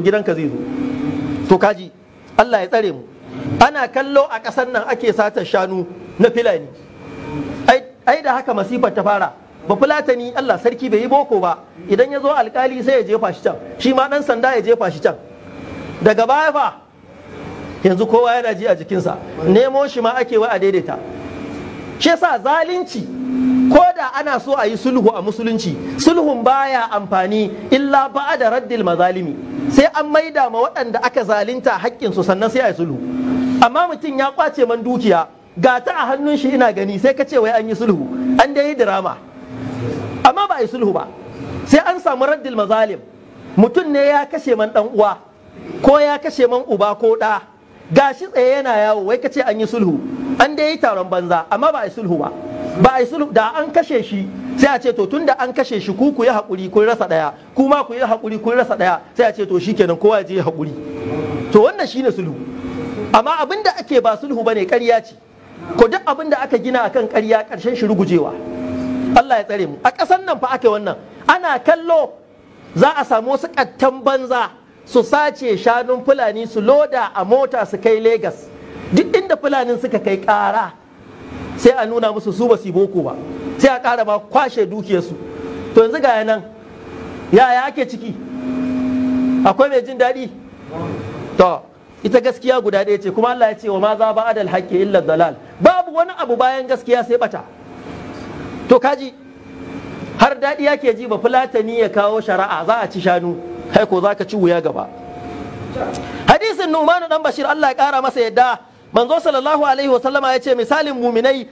to gidanka zai zo to kaji Allah ya tsare mu ana kallo a ƙasar nan ake satar shanu na filani ai da haka masifar ta fara ba fulatani Allah sarki bai yi boko ba idan ya zo alkali sai ya jefa shi can shi ma ɗan sanda ya jefa shi can daga baya fa yanzu kowa yana ji a jikinsa nemo shi ma ake wa a daidaita shi zalunci ko da ana so a yi sulhu a musulunci sulhun baya amfani illa ba'a da raddil mazalimi sai an maida ma waɗanda aka zalinta su sannan sai a yi sulhu amma mutum ya kwace man dukiya ga ta a hannun shi ina gani sai ka ce wai an yi sulhu an dai yi dirama amma ba a yi sulhu ba sai an samu raddil mazalim mutum ne ya kashe man ɗan uwa ko ya kashe man uba ko ɗa gashi tsaye yana yawo wai ka ce an yi sulhu an dai yi taron banza amma ba a yi sulhu ba ba a sulhu da an kashe shi sai a ce to tunda an kashe shi ku ku yi haƙuri kun rasa ɗaya kuma ku yi haƙuri kun rasa ɗaya sai a ce to shikenan kowa ya je ya haƙuri to wannan shine sulhu amma abinda ake ba sulhu bane ƙarya ce ko duk abinda da aka gina akan ƙarya karshen shi rugujewa Allah ya tsare mu a ƙasar nan fa ake wannan ana kallo za a samu wasu ƙattan banza su sace shanun fulani su loda a mota su kai Legas duk inda fulanin suka kai ƙara sai a nuna musu su basu boko ba sai a kara ba kwashe dukiyarsu to yanzu ga nan yaya ake ciki akwai mai jin daɗi to ita gaskiya guda ɗaya ce kuma Allah ya ce wa ma za ba adal haƙƙi illa dalal babu wani abu bayan gaskiya sai bata to kaji har daɗi yake ji ba fulatani ya kawo shari'a za a ci shanu kai ko za ka ci wuya gaba hadisin numanu dan bashir Allah ya ƙara masa yadda manzo sallallahu alaihi wasallama ya ce misalin muminai